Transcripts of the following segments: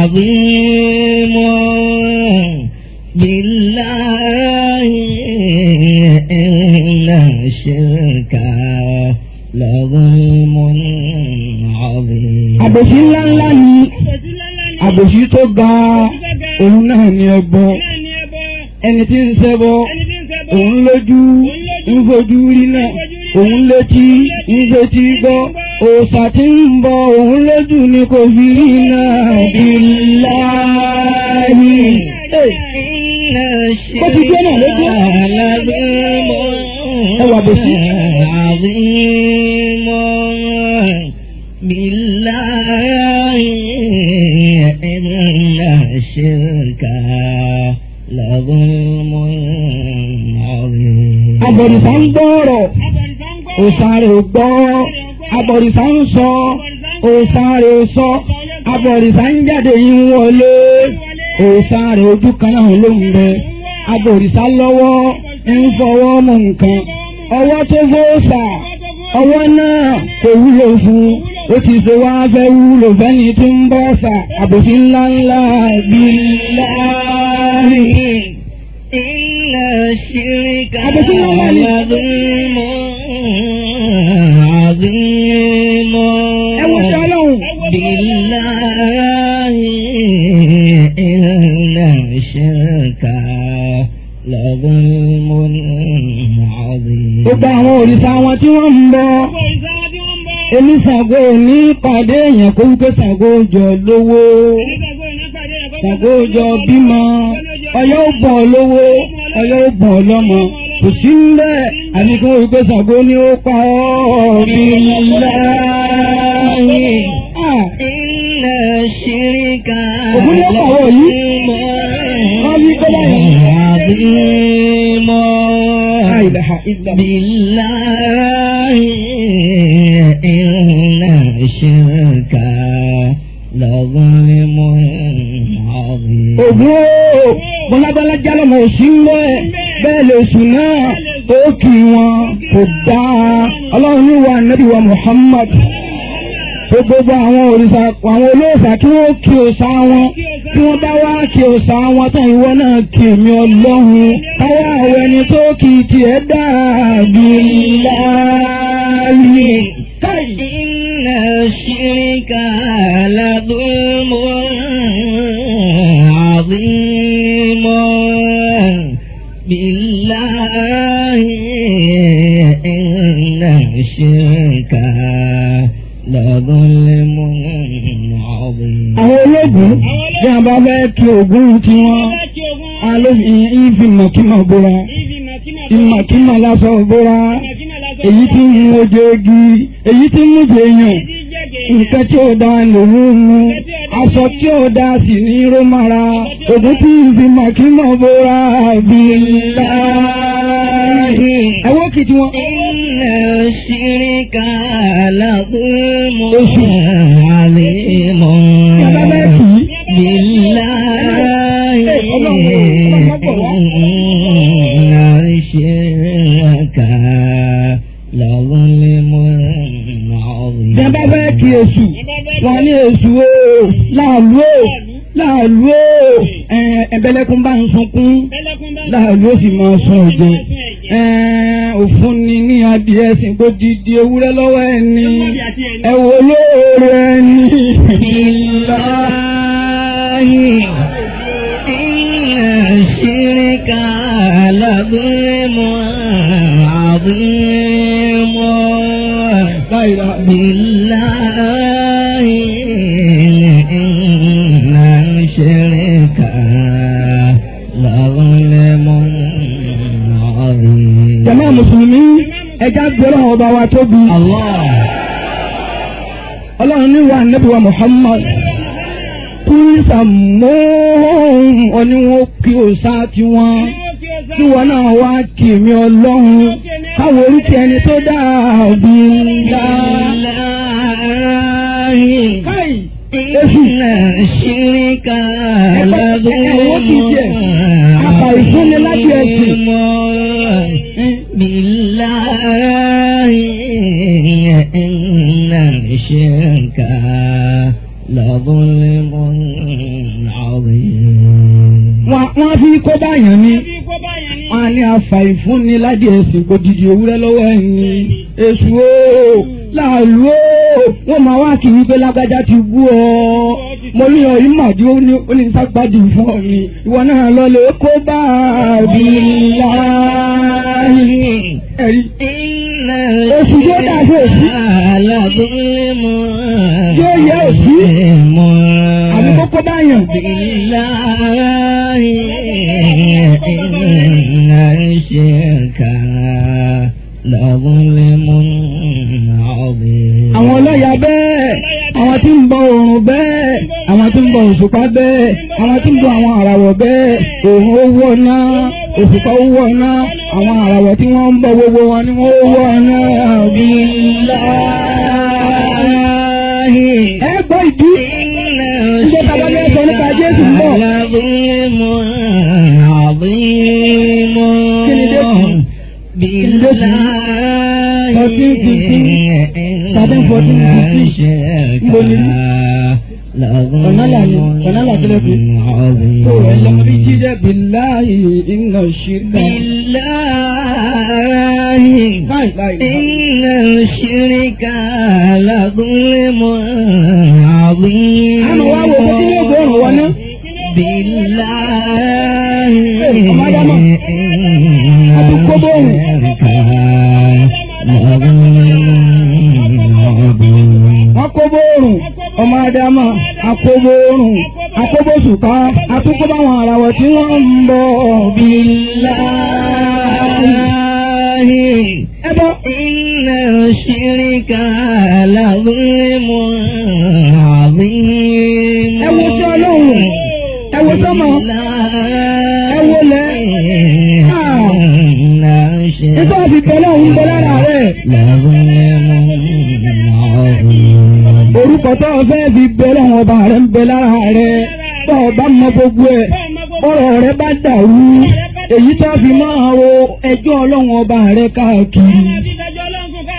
عظيم بالله إن الشرك لظلم عظيم àbòsí ńláńlá ni àbòsí tó ga òun náà ni ẹbọ ẹni tí ń ṣẹbọ òun lójú ń fojú rí náà òun létí ń fetí gbọ́ òòṣà tí ń bọ òun lójú ni kò fi rí náà bí láàyè. ó ti gbé náà lójú. ẹ wà bó sí. ń gbọ́ ọ̀rọ̀, òṣà gbọ́ abọ̀rìṣà ń sọ òòṣà rẹ̀ ò sọ abọ̀rìṣà ń jáde yín wọlé òòṣà rẹ̀ ojú kan náà lóhùn rẹ̀ abọ̀rìṣà lọ́wọ́ ń fọwọ́ mú nǹkan ọwọ́ tó fòòṣà ọwọ́ náà kò wúlò fún ó ti ṣe wá fẹ́ wúlò fẹ́ni tí ń bọ́ ṣà àbòsí ńláńlá bíi láàrin. إن الشرك لظلم عظيم بالله إلا شركا لظلم عظيم gbogbo àwọn òrìṣà wọn tí wọ́n ń bọ èmi Ṣàngó ní pàdé èèyàn kó wípé Ṣàngó jọ lówó Ṣàngó jọ bímọ Ọ̀yọ́ ò lówó Ọ̀yọ́ ò bọ̀ kò sí ńlẹ̀ àti kí wọ́n wí pé ni ó pa ọ́ bí láàyè. iná ṣìríkà òkú ni ó pa ọ́ yìí wọ́n wí pé báyìí. àbímọ bíláì iná ṣìríkà lọ́gọ́rin mọ́ àbí. ògùn o mọ̀lábọ́lá jálọ̀ mọ̀ òsínlẹ̀ bẹ́ẹ̀ lè sùn náà ó kì wọn kò dáa ọlọ́run ní wa nabi wa muhammad gbogbo àwọn òrìṣà àwọn olóòṣà kí wọ́n kí òòṣà wọn tí wọ́n bá wá kí òòṣà wọn tán ìwọ náà kí èmi ọlọ́run táwa àwọn ẹni tó kì í tiẹ̀ dàbí láàyè. iná ṣìkà ládùn mọ́ àbí بالله إن الشرك لظلم عظيم. àwọn ológun bí a bá fẹ́ kí ogun tí wọ́n a ló fi ìfì màkìmọ̀ bóra ìmàkìmọ̀ nǹkan tí ó da lòún mu aṣọ tí ó da sì ní rómara ògùn tí ń fi màkímọ̀ bóra bí ńlá. ẹ wọ́n kìtì wọn. iná ṣìríkà alágbèmọ̀ oṣù àlèmọ̀ bílá. ní èṣù wà ní èṣù o láàlú o láàlú o ẹ̀ẹ́dẹ́lẹ́kùn bá ń sunkún láàlú ó sì máa sun ẹ̀jẹ̀ òfun ni ní adìẹ sìn didi ewúrẹ́ lọ́wọ́ ẹni ẹ wo ẹni. ìlàyé ìṣiríkà alábẹ́rẹ́mọ́ àbúrẹ́mọ́. ẹja gbọ́dọ̀ ọba wa tóbi. ọlọ́run ní wa nabi wa muhammad kúrísà mọ́ọ́hún oníwọ̀n kí o sá tiwọn níwọ̀n náà wá kì mí ọlọ́run káwọ orúkọ ẹni tó dàbí káì èsì. ṣíríkà. الشرك لظلم عظيم wọ́n fi kó báyàn ni wọ́n á ní àfàì fúnni láti ẹ̀sìn kò dìde òwúrẹ́ lọ́wọ́ ẹ̀yìn èṣù ó làálù ó wọ́n máa wá kì í pé lágbájá ti bú mo ní ọ yìí màdí ó ní ó ní ságbádì fún mi ìwọ náà lọ lè kó bá a bí láàyè Èsì yóò dà sí èsì. Yóò yẹ òsì. Àbí kókó bá yàn. Àwọn ọlọ́yà bẹ́ẹ̀, àwọn tí ń bọ oòrùn bẹ́ẹ̀, àwọn tí ń bọ òṣùpá bẹ́ẹ̀, àwọn tí ń bọ àwọn àràwọ̀ bẹ́ẹ̀, òun ó wọ̀ náà òṣùpá ó wọ̀ ná àwọn àràwọ̀ tí wọ́n ń bọ gbogbo wọn ni wọ́n wọ̀ ná bí láàyè. ẹ gbọ́ ìdí ìjọ tàbá ní ẹsẹ̀ nípa Jésù ń bọ̀. kí ni fourteen fifteen thirteen fourteen fifteen mbọ̀nìyí. Ọ̀nàlàyé ọ̀nàlàyé kílẹ̀ fi. Tó o lọ rí jíjẹ́ bíláì iná ṣíríkà. Bíláì iná ṣíríkà lágúnlé mọ́ àbí. Àmọ̀ wá wo kó kí ni ègbò ọ̀rùn wọná. Bíláì iná ṣíríkà àdúgbò bóòrùn. Wọ́n kó bóòrùn ọmọ ádámà akóbó oorun akóbó sùká atúkọ́ báwọn àràwọ̀ tí wọ́n ń bọ̀ bí láàyè. ẹ bọ́. iná ṣìríkà làwímọ̀ àwímọ̀. ẹ wo sí ọlọ́run ẹ wo sọ́mọ ẹ wo lẹ́. nígbà tí tọ́lọ́run ń bọ̀ lára rẹ̀. làwímọ̀ orúkọ tó o fẹ́ fi bẹ lọ́wọ́ ọba rẹ̀ ń bẹ lára rẹ̀ tó o bá mọ gbogbo ẹ̀ bọ́rọ̀ rẹ̀ bá dàrú èyí tó fi máa wo ẹjọ́ ọlọ́run ọba rẹ̀ káàkiri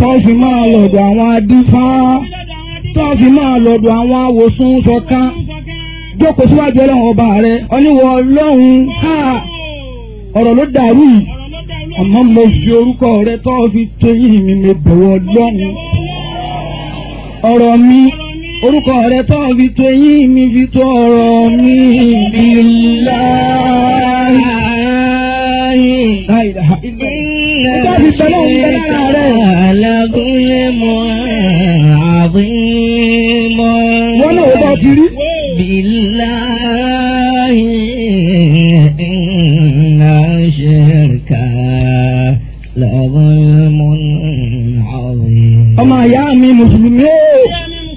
tó fi máa lọ́dọ̀ àwọn adífá tó fi máa lọ́dọ̀ àwọn awòsùn sọ̀kan jókòó síwájú ọlọ́run ọba rẹ̀ oníwọ̀ ọlọ́run ká ọ̀rọ̀ ló dàrú yìí àmọ́ mo fi orúkọ rẹ̀ tó fi tó mi mi bọ̀wọ̀ ọlọ́run ọ̀rọ̀ mi orúkọ rẹ tó fi tó eyín mi fi tó ọ̀rọ̀ mi billahi ìtàbí pẹ̀lú inna shirka lagúnlé mọ́ ọmọ ìyá mi mùsùlùmí ó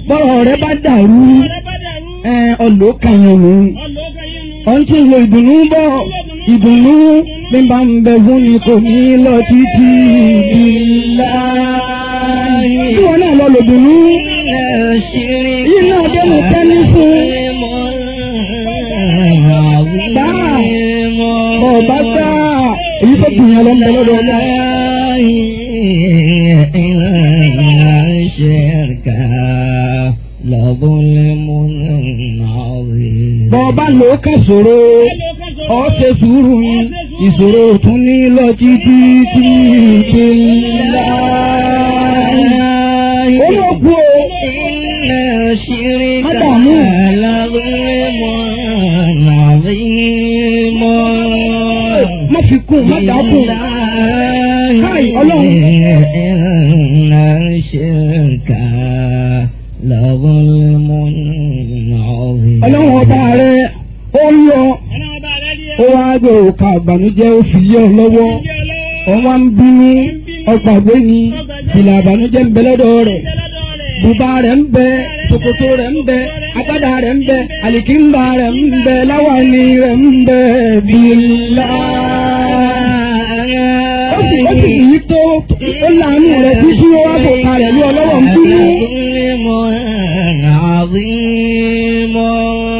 bọ́rọ̀ rẹ bá dàrú ọlọ́ kàyàn nù ọ̀n tí lo ìdùnnú bọ̀ ìdùnnú mi bá ń bẹ fún ni kò ní lọ títí ìdílá. tí wọn náà lọ lòdùnnú yìí náà dé mú tẹ́lí fún. bá ọ̀bá tá èyí tó kù yẹn lọ lọ́dọ̀ ọ̀gá. إلينا شركا لظلم عظيم bọ́ọ̀bá ló kẹ́sòro ó ṣe sùúrù yín ìṣòro tún ní lọ títí títí ńlá. ó ló kú o. إن شرك لظلم عظيم. má fi kún má dàá ọlọ́run ọba rẹ ó yọ ó wá gbé òkà àbànújẹ́ ó fi yọ lọ́wọ́ ọwọ́ ń bínú ọgbàgbé ni ìlà àbànújẹ́ ń bẹ lọ́dọ̀ rẹ̀ bùbá rẹ̀ ń bẹ ṣòkòtò rẹ̀ ń bẹ agbádá rẹ̀ ń bẹ àlìkínbà rẹ̀ ń bẹ láwàní rẹ̀ ń bẹ bílá ó sì yí tó ó láàánú rẹ̀ bí kí wọ́n wá bò kalẹ̀ ní ọlọ́wọ́ ń bínú.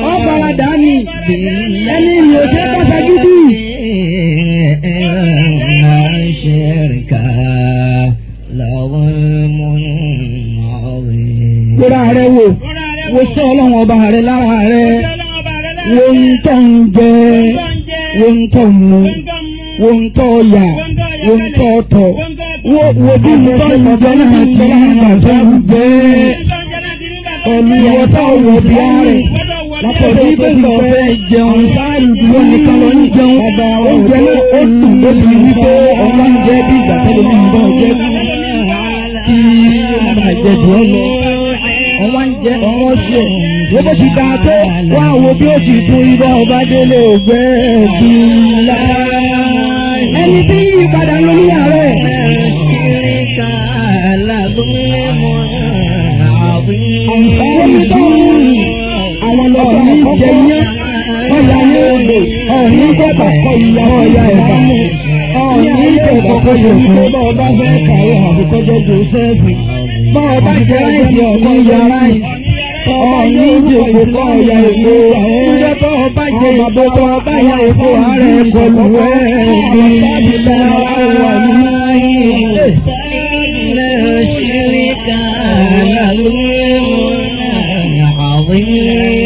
wọ́n fara dà ní ẹni ìlú òṣè pàṣẹ gidi. Rora rẹ wo, wo sọ ọlọ́run ọba rẹ lára rẹ, wo ń tọ́ ń jẹ, wo ń tọ́ ń mu wo ń tọ́ yà wo ń tọ́ tọ̀ wo wo bí ń tọ́ ìjọ náà ti náà tó ń gbé olùwọ́ tó wọ bí á rẹ̀ látọ̀dọ̀ ìgbẹ́ ìgbẹ́ jẹun wọn nìkan lọ ń jẹun oúnjẹ náà ó dùn lóbi wípé ọba ń jẹ bí ìgbà tẹ́lẹ̀ ní ìbọn jẹ kí ọba ìjẹ̀dù ọ lọ ọba ń jẹ ọwọ́ sí ẹ̀ wo bó ti dáa tó wá wo bí ó ti dún irọ́ ọba délé ògbẹ́ bí lára ẹni tí yí padà ń lo níyàrá ẹ̀. àwọn lọ́wọ́ ní jẹ yẹn ọ̀yà ní odò ọ̀ní gbọ́dọ̀ kọ ìyá ọ̀yà ẹ̀ka ọ̀ní ìjẹ̀kọ̀ kọ ìyókù bá fẹ́ kàwé àbíkọ́jọ́ joseph bá jẹ́ láìsí ọ̀gbọ́n yàrá yìí ọmọ yìí jòkó fún ọ̀yà èkó ìjọ tó ọba jẹ ìbò tó ọba ya èkó ààrẹ kọlù ẹ bí ìlà wà láyé. لا شريك له المنع عظيم